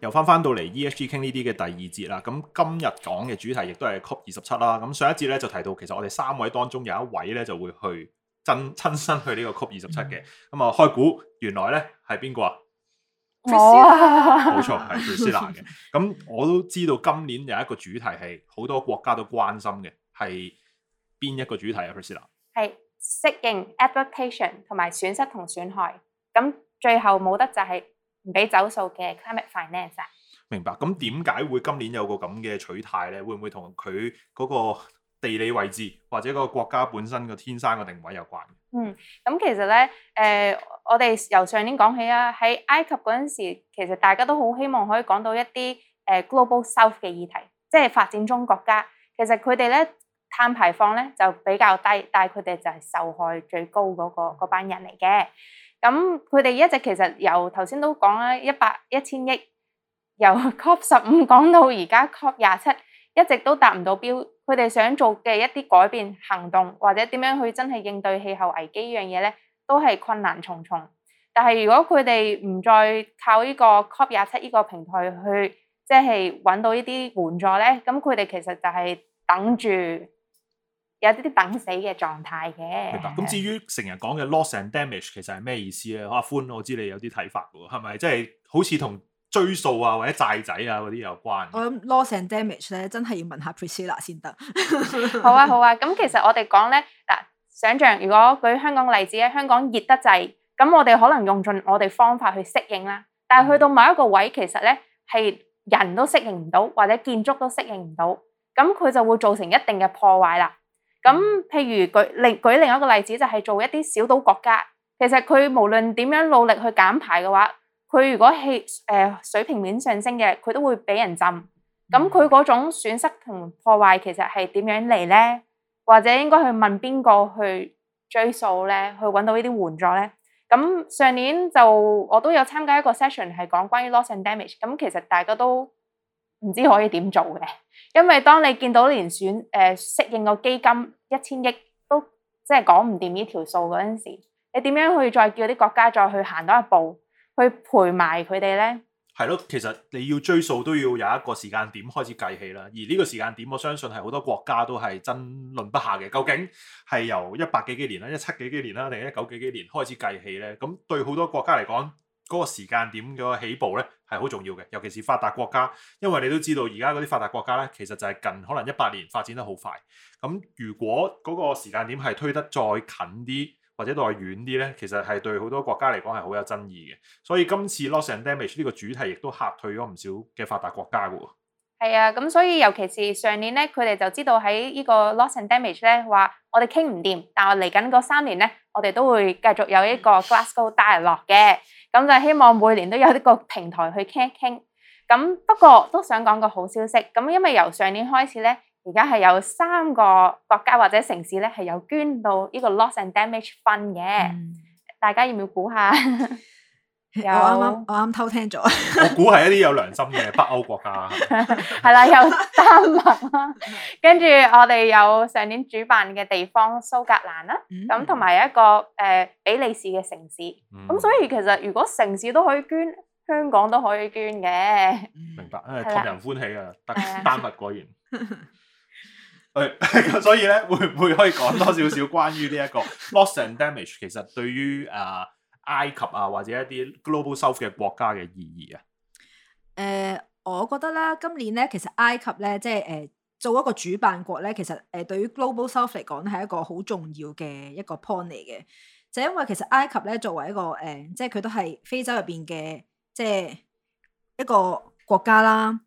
又翻翻到嚟 ESG KING 呢啲嘅第二節啦，咁今日講嘅主題亦都係 COP 27啦。咁上一節咧就提到，其實我哋三位當中有一位咧就會去真親身去個27、嗯、呢個 COP 27嘅。咁啊，開估原來咧係邊個啊？Priscilla，冇錯係 Priscilla 嘅。咁我都知道今年有一個主題係好多國家都關心嘅，係邊一個主題啊？Priscilla 係適應 adaptation 同埋損失同損害。咁最後冇得就係、是。唔俾走數嘅 climate finance、啊、明白咁，點解會今年有個咁嘅取態咧？會唔會同佢嗰個地理位置或者個國家本身個天生嘅定位有關？嗯，咁、嗯嗯、其實咧，誒、呃，我哋由上年講起啊，喺埃及嗰陣時，其實大家都好希望可以講到一啲誒、呃、Global South 嘅議題，即係發展中國家。其實佢哋咧碳排放咧就比較低，但係佢哋就係受害最高嗰、那個嗰班人嚟嘅。咁佢哋一直其實由頭先都講啦，一百一千億由 COP 十五講到而家 COP 廿七，一直都達唔到標。佢哋想做嘅一啲改變行動或者點樣去真係應對氣候危機呢樣嘢咧，都係困難重重。但係如果佢哋唔再靠呢個 COP 廿七呢個平台去即係揾到呢啲援助咧，咁佢哋其實就係等住。有啲啲等死嘅狀態嘅，咁至於成日講嘅 loss and damage 其實係咩意思咧？阿、啊、歡，我知你有啲睇法嘅喎，係咪即係好似同追數啊或者債仔啊嗰啲有關？我諗、嗯、loss and damage 咧真係要問下 Priscilla 先得 啊。好啊好啊，咁其實我哋講咧嗱，想象如果舉香港例子咧，香港熱得滯，咁我哋可能用盡我哋方法去適應啦。但係去到某一個位，其實咧係人都適應唔到，或者建築都適應唔到，咁佢就會造成一定嘅破壞啦。咁譬如舉另舉另一個例子，就係做一啲小島國家。其實佢無論點樣努力去減排嘅話，佢如果氣、呃、水平面上升嘅，佢都會俾人浸。咁佢嗰種損失同破壞其實係點樣嚟呢？或者應該去問邊個去追訴呢？去揾到呢啲援助呢？咁上年就我都有參加一個 session 係講關於 loss and damage，唔知可以點做嘅，因為當你見到連選誒適、呃、應個基金一千億都即係講唔掂呢條數嗰陣時，你點樣去再叫啲國家再去行多一步去賠埋佢哋呢？係咯，其實你要追數都要有一個時間點開始計起啦。而呢個時間點，我相信係好多國家都係爭論不下嘅。究竟係由一百幾幾年啦、一七幾幾年啦，定一九幾幾年開始計起呢？咁對好多國家嚟講，嗰個時間點嘅起步咧係好重要嘅，尤其是發達國家，因為你都知道而家嗰啲發達國家咧其實就係近可能一百年發展得好快。咁如果嗰個時間點係推得再近啲或者再遠啲咧，其實係對好多國家嚟講係好有爭議嘅。所以今次 Loss and Damage 呢個主題亦都嚇退咗唔少嘅發達國家嘅喎。係啊，咁所以尤其是上年咧，佢哋就知道喺呢個 loss and damage 咧，話我哋傾唔掂，但係嚟緊嗰三年咧，我哋都會繼續有一個 Glasgow dialogue 嘅，咁就希望每年都有呢個平台去傾一傾。咁不過都想講個好消息，咁因為由上年開始咧，而家係有三個國家或者城市咧係有捐到呢個 loss and damage fund 嘅，嗯、大家要唔要估下？ 我啱啱我啱偷聽咗， 我估係一啲有良心嘅北歐國家，係啦， 有丹麥，跟 住我哋有上年主辦嘅地方蘇格蘭啦，咁同埋一個誒、呃、比利時嘅城市，咁、嗯、所以其實如果城市都可以捐，香港都可以捐嘅，明白，託的人歡喜啊，丹丹麥果然，所以咧會唔會可以講多少少關於呢一個 loss and damage？其實對於啊，埃及啊，或者一啲 global south 嘅國家嘅意義啊？誒，我覺得啦，今年咧，其實埃及咧，即係誒、呃、做一個主辦國咧，其實誒、呃、對於 global south 嚟講咧，係一個好重要嘅一個 point 嚟嘅，就是、因為其實埃及咧，作為一個誒、呃，即係佢都係非洲入邊嘅即係一個國家啦。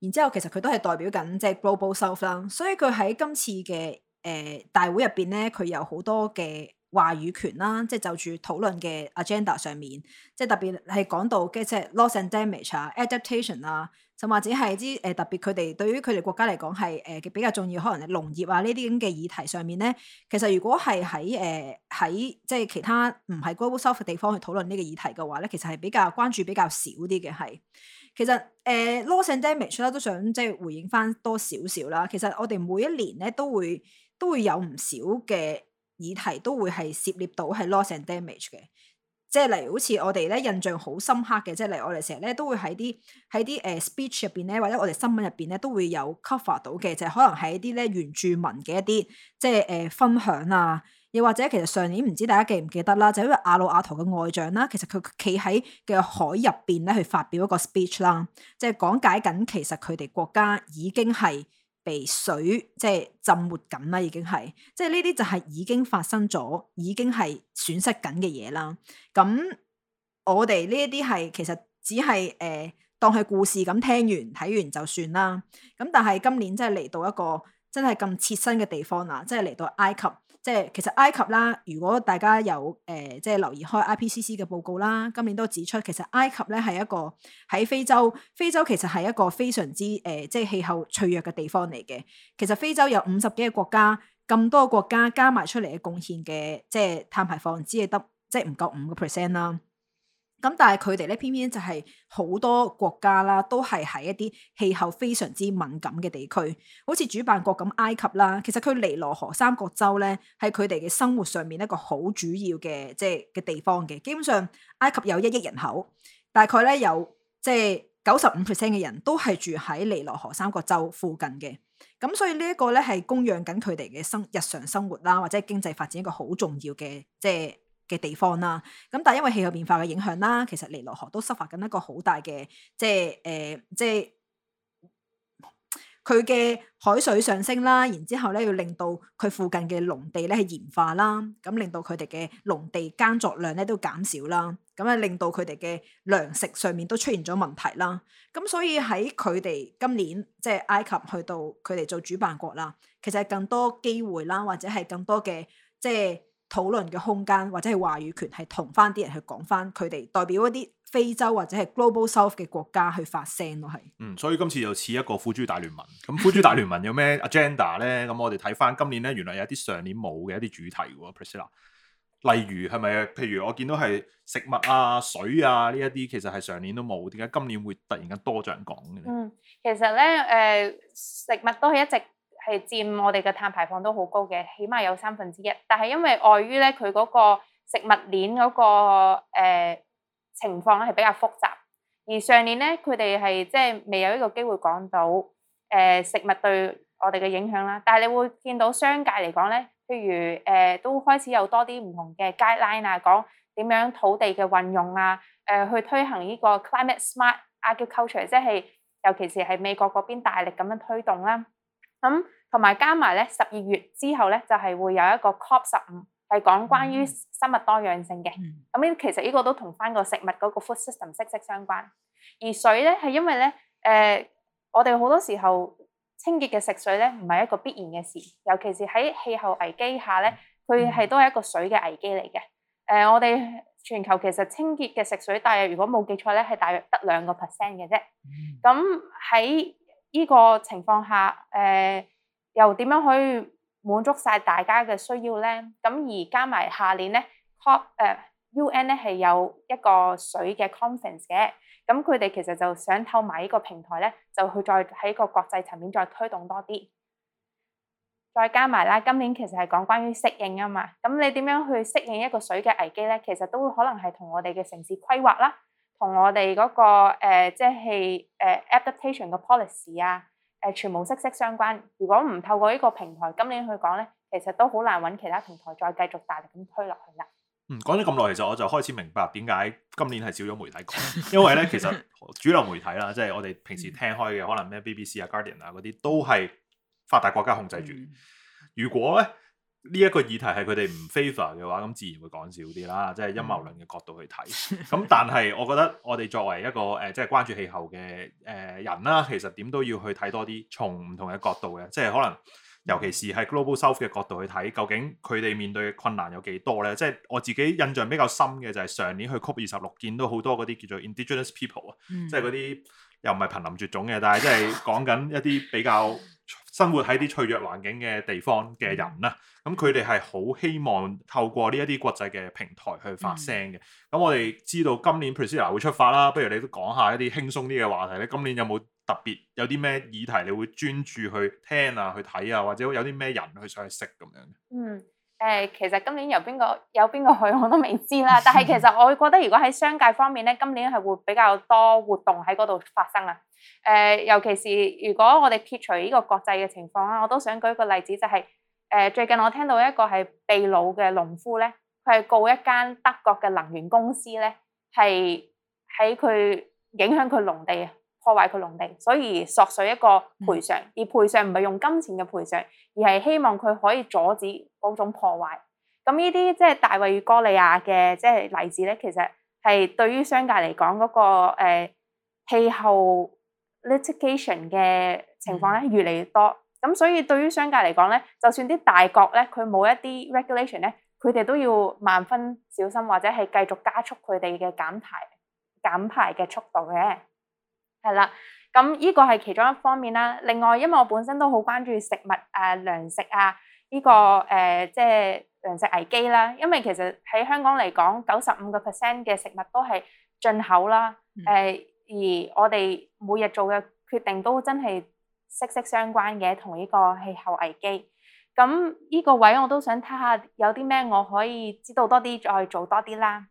然之後其實佢都係代表緊即係 global south 啦，所以佢喺今次嘅誒、呃、大會入邊咧，佢有好多嘅話語權啦，即係就住討論嘅 agenda 上面，即係特別係講到嘅即係 loss and damage 啊、adaptation 啊，就或者係啲誒特別佢哋對於佢哋國家嚟講係誒比較重要，可能係農業啊呢啲咁嘅議題上面咧，其實如果係喺誒喺即係其他唔係 global south 嘅地方去討論呢個議題嘅話咧，其實係比較關注比較少啲嘅係。其實誒、呃、loss and damage 啦，都想即係回應翻多少少啦。其實我哋每一年咧都會都會有唔少嘅。議題都會係涉獵到係 loss and damage 嘅，即係例如好似我哋咧印象好深刻嘅，即係例如我哋成日咧都會喺啲喺啲誒 speech 入邊咧，或者我哋新聞入邊咧都會有 cover 到嘅，就係可能喺啲咧原住民嘅一啲即係誒分享啊，又或者其實上年唔知大家記唔記得啦，就因為阿魯阿圖嘅外長啦，其實佢企喺嘅海入邊咧去發表一個 speech 啦，即係講解緊其實佢哋國家已經係。被水即係浸沒緊啦，已經係，即係呢啲就係已經發生咗，已經係損失緊嘅嘢啦。咁我哋呢一啲係其實只係誒、呃、當係故事咁聽完睇完就算啦。咁但係今年真係嚟到一個真係咁切身嘅地方啦，即係嚟到埃及。即係其實埃及啦，如果大家有誒、呃、即係留意開 IPCC 嘅報告啦，今年都指出其實埃及咧係一個喺非洲，非洲其實係一個非常之誒、呃、即係氣候脆弱嘅地方嚟嘅。其實非洲有五十幾個國家，咁多國家加埋出嚟嘅貢獻嘅即係碳排放，只係得即係唔夠五個 percent 啦。咁但係佢哋咧，偏偏就係好多國家啦，都係喺一啲氣候非常之敏感嘅地區，好似主辦國咁，埃及啦，其實佢尼羅河三角洲咧，係佢哋嘅生活上面一個好主要嘅即係嘅地方嘅。基本上，埃及有一億人口，大概咧有即係九十五 percent 嘅人都係住喺尼羅河三角洲附近嘅。咁所以呢一個咧係供養緊佢哋嘅生日常生活啦，或者經濟發展一個好重要嘅即係。嘅地方啦，咁但係因為氣候變化嘅影響啦，其實尼羅河都散發緊一個好大嘅，即係誒、呃，即係佢嘅海水上升啦，然之後咧要令到佢附近嘅農地咧係鹽化啦，咁令到佢哋嘅農地耕作量咧都減少啦，咁啊令到佢哋嘅糧食上面都出現咗問題啦，咁所以喺佢哋今年即係埃及去到佢哋做主辦國啦，其實更多機會啦，或者係更多嘅即係。討論嘅空間或者係話語權，係同翻啲人去講翻佢哋代表一啲非洲或者係 Global South 嘅國家去發聲咯，係。嗯，所以今次又似一個富珠大聯盟。咁富珠大聯盟有咩 agenda 咧？咁 我哋睇翻今年咧，原來有啲上年冇嘅一啲主題喎，Priscilla。例如係咪？譬如我見到係食物啊、水啊呢一啲，其實係上年都冇，點解今年會突然間多咗人講嘅咧？嗯，其實咧，誒、呃、食物都係一直。係佔我哋嘅碳排放都好高嘅，起碼有三分之一。但係因為礙於咧，佢嗰個食物鏈嗰、那個、呃、情況咧係比較複雜。而上年咧，佢哋係即係未有呢個機會講到誒、呃、食物對我哋嘅影響啦。但係你會見到商界嚟講咧，譬如誒、呃、都開始有多啲唔同嘅 guide line 啊，講點樣土地嘅運用啊，誒、呃、去推行呢個 climate smart agriculture，即係尤其是係美國嗰邊大力咁樣推動啦、啊。咁同埋加埋咧，十二月之後咧就係、是、會有一個 COP 十五，係講關於生物多樣性嘅。咁呢、嗯、其實呢個都同翻個食物嗰個 food system 息息相關。而水咧係因為咧，誒、呃、我哋好多時候清潔嘅食水咧唔係一個必然嘅事，尤其是喺氣候危機下咧，佢係都係一個水嘅危機嚟嘅。誒、嗯呃、我哋全球其實清潔嘅食水大約如果冇記錯咧，係大約得兩個 percent 嘅啫。咁喺依個情況下，誒、呃、又點樣可以滿足曬大家嘅需要呢？咁而加埋下年呢 COP、呃、UN 咧係有一個水嘅 conference 嘅，咁佢哋其實就想透過埋呢個平台咧，就去再喺個國際層面再推動多啲。再加埋啦，今年其實係講關於適應啊嘛，咁你點樣去適應一個水嘅危機呢？其實都可能係同我哋嘅城市規劃啦。同我哋嗰、嗰個、呃、即係誒、呃、adaptation 嘅 policy 啊，誒、呃、全部息息相關。如果唔透過呢個平台，今年去講咧，其實都好難揾其他平台再繼續大力咁推落去啦。嗯，講咗咁耐，其實我就開始明白點解今年係少咗媒體講，因為咧其實主流媒體啦，即係 我哋平時聽開嘅，可能咩 BBC 啊、Guardian 啊嗰啲，都係發達國家控制住。嗯、如果咧，呢一個議題係佢哋唔 favor 嘅話，咁自然會講少啲啦。即係陰謀論嘅角度去睇，咁 但係我覺得我哋作為一個誒、呃，即係關注氣候嘅誒人啦，其實點都要去睇多啲，從唔同嘅角度嘅，即係可能尤其是係 global south 嘅角度去睇，究竟佢哋面對嘅困難有幾多呢？即係我自己印象比較深嘅就係上年去 COP 二十六，見到好多嗰啲叫做 indigenous people 啊， 即係嗰啲又唔係瀕臨絕種嘅，但係即係講緊一啲比較。生活喺啲脆弱環境嘅地方嘅人啦，咁佢哋係好希望透過呢一啲國際嘅平台去發聲嘅。咁、嗯、我哋知道今年 Priscilla 會出發啦，不如你都講下一啲輕鬆啲嘅話題咧。今年有冇特別有啲咩議題你會專注去聽啊，去睇啊，或者有啲咩人去想去識咁樣？嗯。誒，其實今年由邊個有邊個去我都未知啦。但係其實我覺得，如果喺商界方面咧，今年係會比較多活動喺嗰度發生啦。誒、呃，尤其是如果我哋撇除呢個國際嘅情況啦，我都想舉一個例子，就係、是、誒、呃，最近我聽到一個係秘魯嘅農夫咧，佢係告一間德國嘅能源公司咧，係喺佢影響佢農地啊，破壞佢農地，所以索取一個賠償，而賠償唔係用金錢嘅賠償，而係希望佢可以阻止嗰種破壞。咁呢啲即係大衛與哥利亞嘅即係例子咧，其實係對於商界嚟講嗰個誒、呃、氣候 litigation 嘅情況咧，越嚟越多。咁、嗯、所以對於商界嚟講咧，就算啲大國咧，佢冇一啲 regulation 咧，佢哋都要萬分小心，或者係繼續加速佢哋嘅減排減排嘅速度嘅。係啦，咁呢個係其中一方面啦。另外，因為我本身都好關注食物、誒、啊、糧食啊呢個誒即係糧食危機啦。因為其實喺香港嚟講，九十五個 percent 嘅食物都係進口啦。誒、嗯，而我哋每日做嘅決定都真係息息相關嘅，同呢個氣候危機。咁呢個位我都想睇下有啲咩我可以知道多啲，再做多啲啦。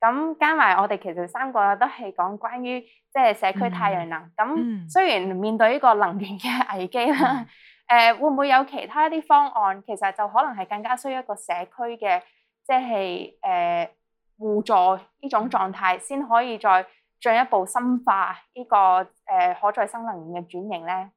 咁加埋我哋其實三個都係講關於即係社區太陽能。咁、嗯、雖然面對呢個能源嘅危機啦，誒、嗯、 會唔會有其他一啲方案？其實就可能係更加需要一個社區嘅即係誒互助呢種狀態，先可以再進一步深化呢、呢個誒、呃、可再生能源嘅轉型咧。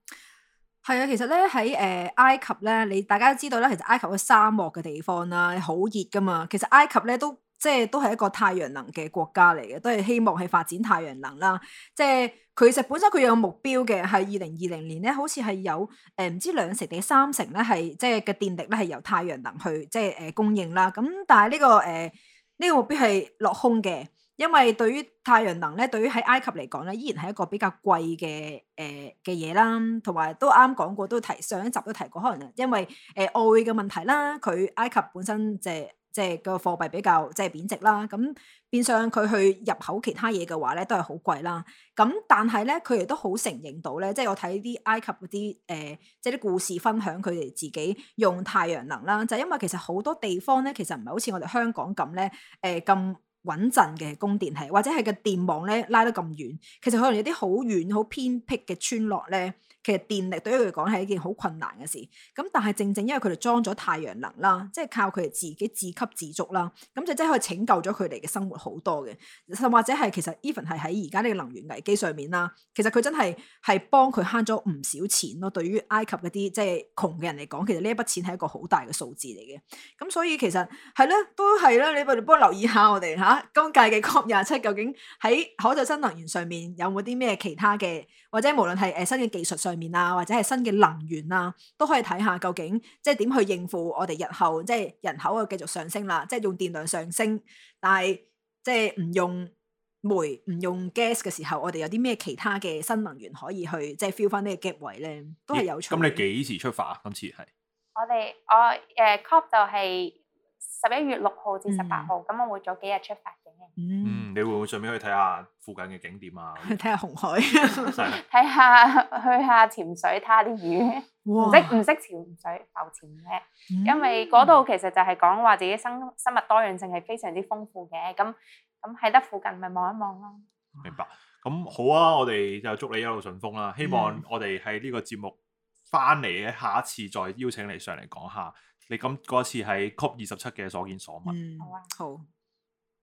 係啊，其實咧喺誒埃及咧，你大家都知道咧，其實埃及個沙漠嘅地方啦，好熱噶嘛。其實埃及咧都。即係都係一個太陽能嘅國家嚟嘅，都係希望係發展太陽能啦。即係佢其實本身佢有目標嘅，係二零二零年咧，好似係有誒唔知兩成定三成咧，係即係嘅電力咧係由太陽能去即係誒供應啦。咁但係呢個誒呢個目標係落空嘅，因為對於太陽能咧，對於喺埃及嚟講咧，依然係一個比較貴嘅誒嘅嘢啦。同埋都啱啱講過，都提上一集都提過，可能因為誒、呃、外匯嘅問題啦，佢埃及本身即係。即係個貨幣比較即係貶值啦，咁變相佢去入口其他嘢嘅話咧，都係好貴啦。咁但係咧，佢哋都好承認到咧，即係我睇啲埃及嗰啲誒，即係啲故事分享，佢哋自己用太陽能啦，就因為其實好多地方咧，其實唔係好似我哋香港咁咧，誒咁穩陣嘅供電係，或者係個電網咧拉得咁遠，其實可能有啲好遠好偏僻嘅村落咧。其實電力對於佢講係一件好困難嘅事，咁但係正正因為佢哋裝咗太陽能啦，即係靠佢哋自己自給自足啦，咁就真係可以拯救咗佢哋嘅生活好多嘅，甚或者係其實 even 係喺而家呢個能源危機上面啦，其實佢真係係幫佢慳咗唔少錢咯。對於埃及嗰啲即係窮嘅人嚟講，其實呢一筆錢係一個好大嘅數字嚟嘅。咁所以其實係咧，都係咧，你不如幫我留意下我哋吓今屆嘅 COP27 究竟喺可再生能源上面有冇啲咩其他嘅？或者無論係誒新嘅技術上面啊，或者係新嘅能源啊，都可以睇下究竟即係點去應付我哋日後即係人口會繼續上升啦，即係用電量上升，但係即係唔用煤、唔用 gas 嘅時候，我哋有啲咩其他嘅新能源可以去即係 fill 翻呢個 gap 位咧？也 way，都係有趣。咁你幾時出發啊？今次係我哋我誒、uh, COP 就係十一月六號至十八號，咁、mm hmm. 我會早幾日出發。嗯，你會唔會順便去睇下附近嘅景點啊？睇下紅海 睇下，睇下去下潛水，睇下啲魚。唔識唔識潛水浮潛咩？嗯、因為嗰度其實就係講話自己生生物多樣性係非常之豐富嘅。咁咁喺得附近咪望一望咯。明白，咁好啊！我哋就祝你一路順風啦、啊。希望我哋喺呢個節目翻嚟嘅下一次再邀請你上嚟講下。你咁嗰次喺 COP27 嘅所見所聞、嗯。好啊，好。